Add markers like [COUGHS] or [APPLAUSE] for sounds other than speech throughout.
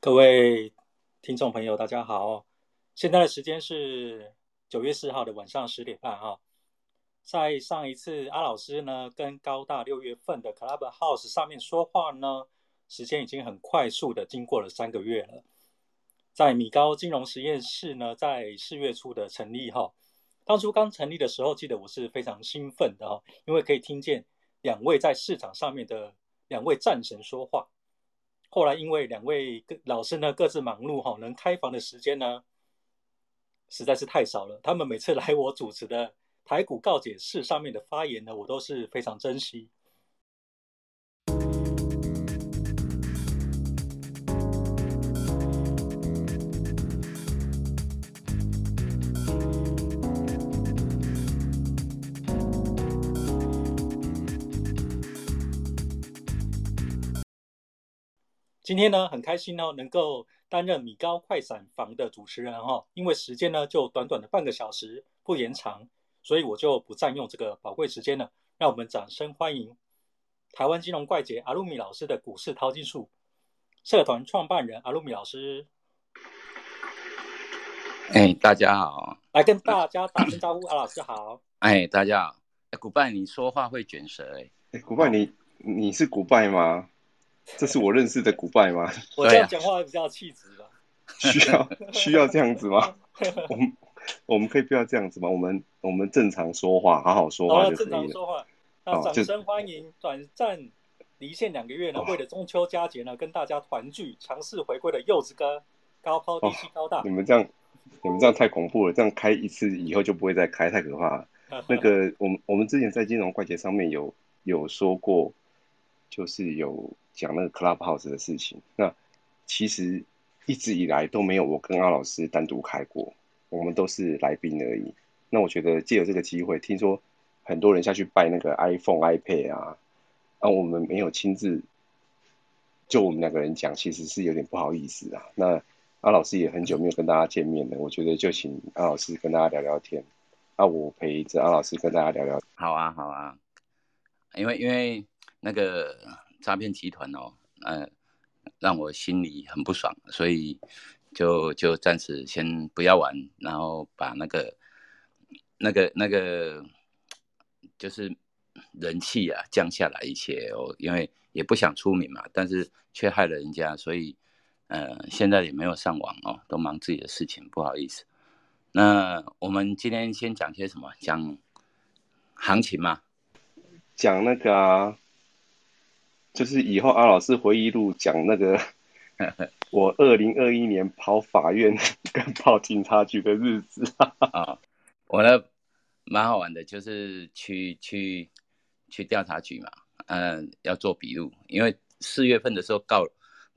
各位聽眾朋友，大家好！現在的時間是九月四號的晚上十點半哈，在上一次阿老師呢跟高大六月份的 Club House 上面說話呢，時間已經很快速的經過了三個月了。在米高金融實驗室呢，在四月初的成立哈，當初剛成立的時候，記得我是非常興奮的哈，因為可以聽見兩位在市場上面的兩位戰神說話。後來，因為兩位老師呢各自忙碌哈、哦，能開房的時間呢實在是太少了。他們每次來我主持的台股告解室上面的發言呢，我都是非常珍惜。今天呢，很開心哦，能夠擔任米高快閃房的主持人哈、哦。因為時間呢就短短的半個小時，不延長，所以我就不占用這個寶貴時間了。讓我們掌聲歡迎台灣金融怪傑阿魯米老師的股市淘金術社團創辦人阿魯米老師。哎、欸，大家好。來跟大家打聲招呼，阿老師好。哎，大家好。哎，古拜，你說話會捲舌哎、欸。哎、欸，古拜你，你你是古拜嗎？這是我認識的古拜嗎？我這樣講話比較氣質吧。對啊、 [LAUGHS] 需要需要這樣子嗎？ [LAUGHS] 我們我們可以不要這樣子嗎？我們我們正常說話，好好說話就可以了、哦、正常說話。那掌聲歡迎短暫離線兩個月呢，就為了中秋佳節呢，哇跟大家團聚，強勢回歸的柚子哥，高拋低吸高大、哦。你們這樣你們這樣太恐怖了，哦、這樣開一次以後就不會再開，太可怕了。 [LAUGHS] 那個我們我們之前在金融怪傑上面有有說過。就是有講那個 Clubhouse 的事情，那其實一直以來都沒有我跟阿老師單獨開過，我們都是來賓而已。那我覺得借着這個機會，聽說很多人下去買那個 iPhone、iPad 啊，那、啊、我們沒有親自就我們兩個人講，其實是有點不好意思啊。那阿老師也很久沒有跟大家見面了，我覺得就請阿老師跟大家聊聊天，那、啊、我陪着阿老師跟大家聊聊天。好啊，好啊，因為因為。那個詐騙集團哦，呃，讓我心裡很不爽，所以就就暫時先不要玩，然後把那個那個那個就是人氣啊降下來一些哦，我因為也不想出名嘛，但是卻害了人家，所以呃，現在也沒有上網哦，都忙自己的事情，不好意思。那我們今天先講些什麼？講行情嘛，講那個啊。就是以後阿老師回憶錄講那個我二零二一年跑法院跟跑警察局的日子哈哈哈，我呢蠻好玩的，就是去去去調查局嘛，嗯、呃，要做筆錄，因為四月份的時候告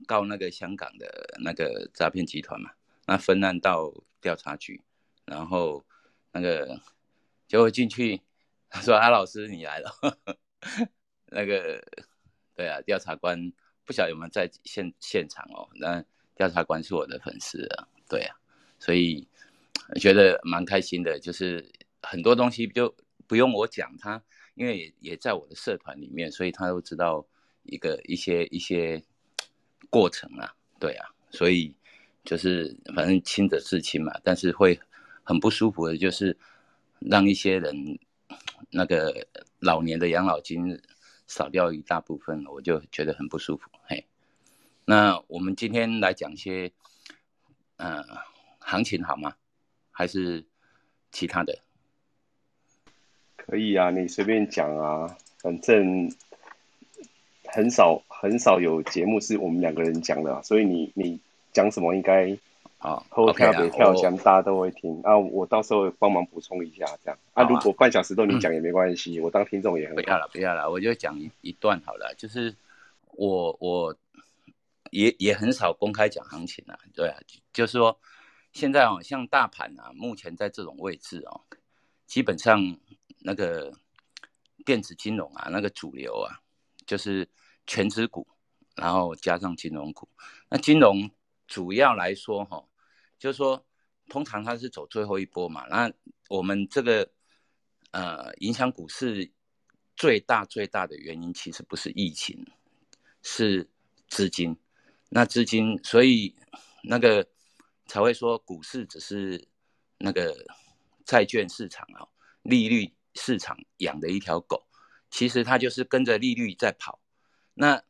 告那個香港的那個詐騙集團嘛，那分案到調查局，然後那個就會進去，他說阿老師你來了，呵呵那個。對啊，調查官不曉得有沒有在現現場哦。那調查官是我的粉絲啊，對啊，所以覺得蠻開心的。就是很多東西就不用我講他，因為也，也在我的社團裡面，所以他都知道一個一些一些過程啊。對啊，所以就是反正清者自清嘛，但是會很不舒服的，就是讓一些人那個老年的養老金。少掉一大部分了，我就覺得很不舒服。嘿，那我們今天來講一些，嗯、呃，行情好嗎？還是其他的？可以啊，你隨便講啊，反正很少很少有節目是我們兩個人講的，所以你你講什麼應該。好，OK，OK，哦、跳講大家都會聽 okay, 啊，啊，我到時候幫忙補充一下，這樣啊，啊如果半小時都你講也沒關係， [COUGHS] 我當聽眾也很好。不要了，不要了，我就講一,一段好了。就是我我也也很少公開講行情啊，對啊，就是說現在好、哦、像大盤啊，目前在這種位置哦，基本上那個電子金融啊，那個主流啊，就是權值股，然後加上金融股，那金融主要來說哈、哦。.就是說，通常它是走最後一波嘛。那我們這個呃，影響股市最大最大的原因，其實不是疫情，是資金。那資金，所以那個才會說股市只是那個債券市場啊，利率市場養的一條狗，其實它就是跟着利率在跑。那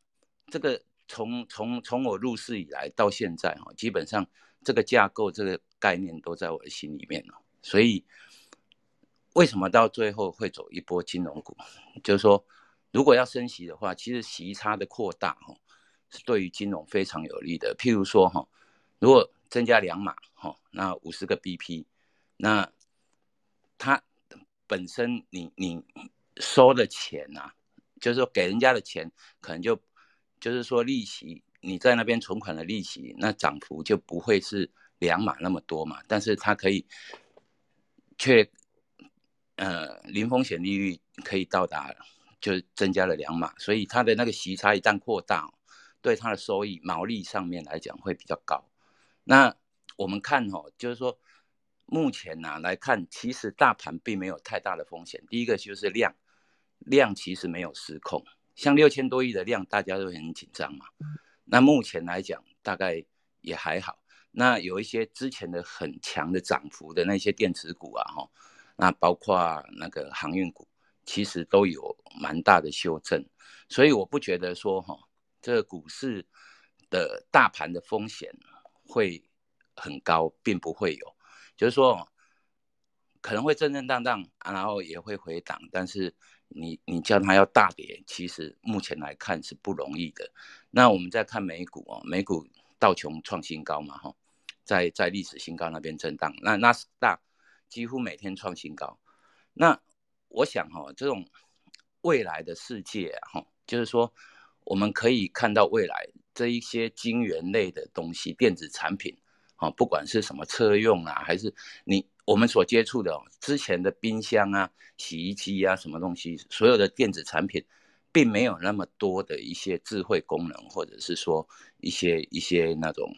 這個從從從我入市以來到現在哈，基本上。這個架構，這個概念都在我的心裡面了、哦。所以，為什麼到最後會走一波金融股？就是說，如果要升息的話，其實息差的擴大哈、哦，是對於金融非常有利的。譬如說哈、哦，如果增加兩碼哈，那五十個 BP，那它本身你你收的錢吶、啊，就是說給人家的錢，可能就就是說利息。你在那邊存款的利息，那漲幅就不會是兩碼那麼多嘛？但是它可以，卻，呃，零風險利率可以到達，就是增加了兩碼，所以它的那個息差一旦擴大，對它的收益、毛利上面來講會比較高。那我們看哈、哦，就是說，目前呢、啊、來看，其實大盤並沒有太大的風險。第一個就是量，量其實沒有失控，像六千多億的量，大家都很緊張嘛。嗯那目前來講，大概也還好。那有一些之前的很強的漲幅的那些電子股啊，齁，那包括那個航運股，其實都有蠻大的修正。所以我不覺得說，齁，這個股市的大盤的風險會很高，並不會有。就是說，可能會震震盪盪，然後也會回檔，但是。你你叫它要大跌，其實目前來看是不容易的。那我們再看美股哦，美股道瓊創新高嘛，哈，在在歷史新高那邊震盪。那納斯達幾乎每天創新高。那我想哈、哦，這種未來的世界哈、啊，就是說，我們可以看到未來這一些晶圓類的東西，電子產品。啊，哦、不管是什麼車用啊，還是你我們所接觸的之前的冰箱啊、洗衣機啊，什麼東西，所有的電子產品，並沒有那麼多的一些智慧功能，或者是說一些一些那種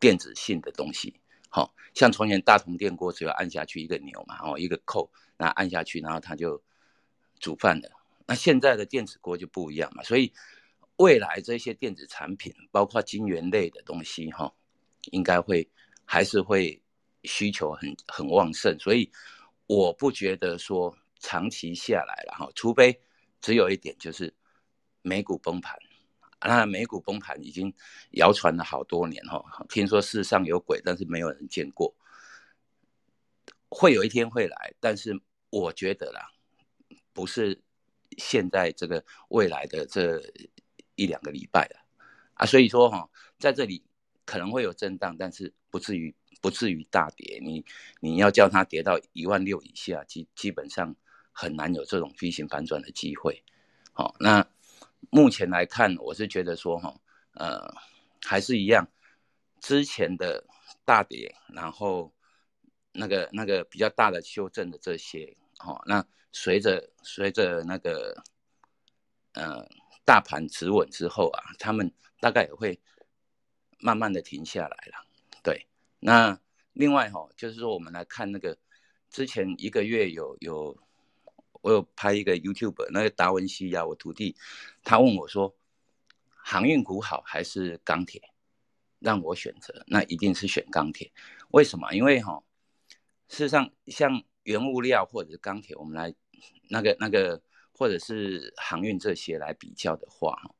電子性的東西。好，像從前大同電鍋只要按下去一個鈕嘛，哦，一個扣，那按下去，然後它就煮飯的。那現在的電子鍋就不一樣嘛，所以未來這些電子產品，包括晶圓類的東西，哈。應該會還是會需求很很旺盛，所以我不覺得說長期下來了哈，除非只有一點就是美股崩盤，啊。那美股崩盤已經謠傳了好多年哈，聽說世上有鬼，但是沒有人見過。會有一天會來，但是我覺得啦，不是現在這個未來的這一兩個禮拜了啊，所以說哈，在這裡。可能會有震盪，但是不至於不至於大跌。你你要叫它跌到一萬六以下，基基本上很難有這種 V 型反轉的機會。好、哦，那目前來看，我是覺得說哈，呃，還是一樣之前的大跌，然後那個那個比較大的修正的這些，好、哦，那隨着隨着那個呃大盤持穩之後啊，他們大概也會。慢慢的停下來了，對，那另外哈，就是說我們來看那個之前一個月有有我有拍一個 YouTuber 那個達文西呀、啊，我徒弟他問我說，航運股好還是鋼鐵，讓我選擇，那一定是選鋼鐵。為什麼？因為哈，事實上像原物料或者是鋼鐵，我們來那個那個或者是航運這些來比較的話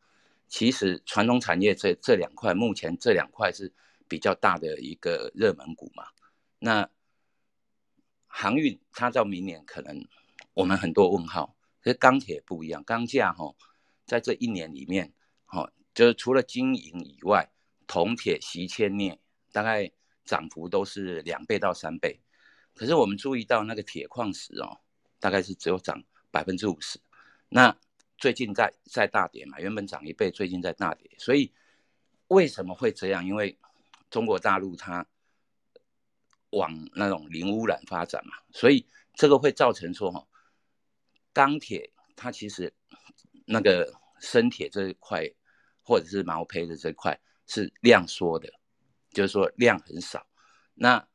其實傳統產業這這兩塊，目前這兩塊是比較大的一個熱門股嘛。那航運它到明年可能我們很多問號，可是鋼鐵不一樣，鋼價哈，在這一年裡面，哦，哈就是除了金銀以外，銅、鐵、錫、鉛、鎳大概漲幅都是兩倍到三倍。可是我們注意到那個鐵礦石哦，大概是只有漲百分之五十。那最近在在大跌嘛，原本漲一倍，最近在大跌，所以為什麼會這樣？因為中國大陸它往那種零污染發展嘛，所以這個會造成說哈，鋼鐵它其實那個生鐵這一塊或者是毛坯的這一塊是量縮的，就是說量很少，那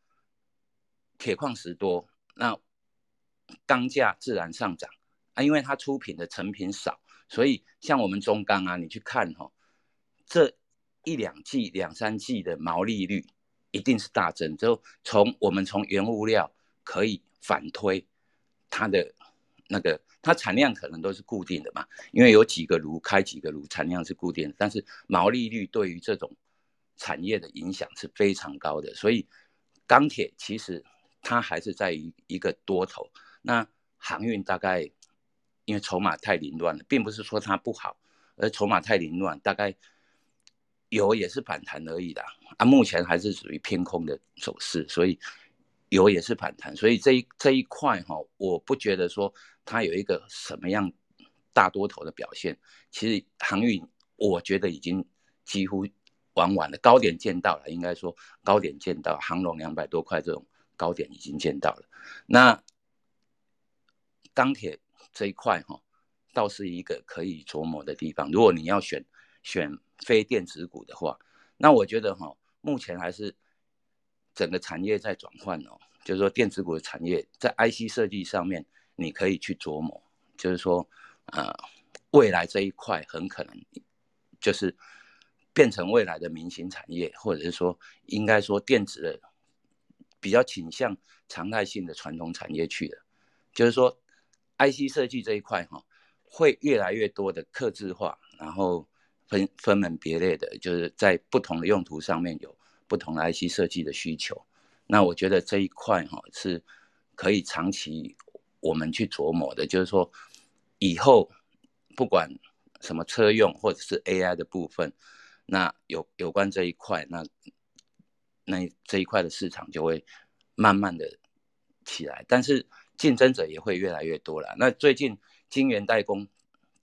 鐵礦石多，那鋼價自然上漲。啊，因為它出品的成品少，所以像我們中鋼啊，你去看哦，這一兩季、兩三季的毛利率一定是大增。就從我們從原物料可以反推它的那個，它產量可能都是固定的嘛，因為有幾個爐開幾個爐，產量是固定的。但是毛利率對於這種產業的影響是非常高的，所以鋼鐵其實它還是在於一個多頭。那航運大概。因為籌碼太凌亂了，並不是說它不好，而籌碼太凌亂，大概有也是反彈而已啦啊。目前還是屬於偏空的走勢，所以有也是反彈。所以這一這一塊哈，我不覺得說它有一個什麼樣大多頭的表現。其實航運，我覺得已經幾乎玩完了，高點見到了，應該說高點見到，航龍兩百多塊這種高點已經見到了。那鋼鐵。這一塊哈、哦，倒是一個可以琢磨的地方。如果你要選選非電子股的話，那我覺得哈、哦，目前還是整個產業在轉換哦，就是說，電子股的產業在 IC 設計上面，你可以去琢磨，就是說，呃，未來這一塊很可能就是變成未來的明星產業，或者是說，應該說，電子的比較傾向常態性的傳統產業去了，就是說。IC 設計這一塊哈，會越來越多的客製化，然後分分門別類的，就是在不同的用途上面有不同的 IC 設計的需求。那我覺得這一塊哈、哦、是可以長期我們去琢磨的，就是說以後不管什麼車用或者是 AI 的部分，那有有關這一塊，那那這一塊的市場就會慢慢的起來，但是。競爭者也會越來越多了。那最近晶圓代工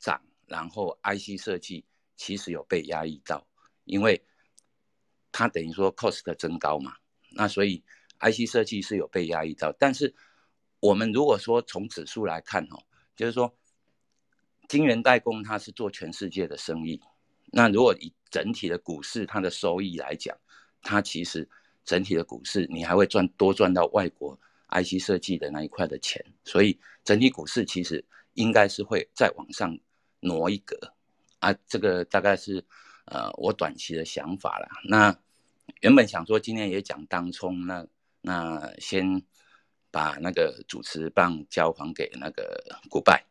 漲，然後 IC 設計其實有被壓抑到，因為它等於說 cost 增高嘛。那所以 IC 設計是有被壓抑到。但是我們如果說從指數來看哦、喔，就是說晶圓代工它是做全世界的生意，那如果以整體的股市它的收益來講，它其實整體的股市你還會賺多賺到外國。IC 設計的那一塊的錢，所以整體股市其實應該是會再往上挪一格啊，這個大概是呃我短期的想法啦。那原本想說今天也講當沖，那那先把那個主持棒交還給那個古拜。